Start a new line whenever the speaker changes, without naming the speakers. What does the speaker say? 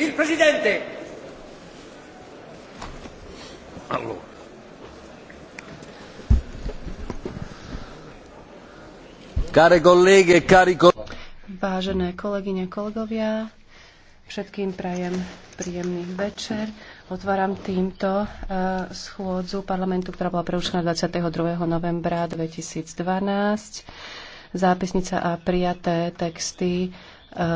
Il Presidente!
Allora. Care colleghe, e cari colleghi.
Vážené kolegyne, kolegovia, všetkým prajem príjemný večer. Otváram týmto e, schôdzu parlamentu, ktorá bola prerušená 22. novembra 2012. Zápisnica a prijaté texty e,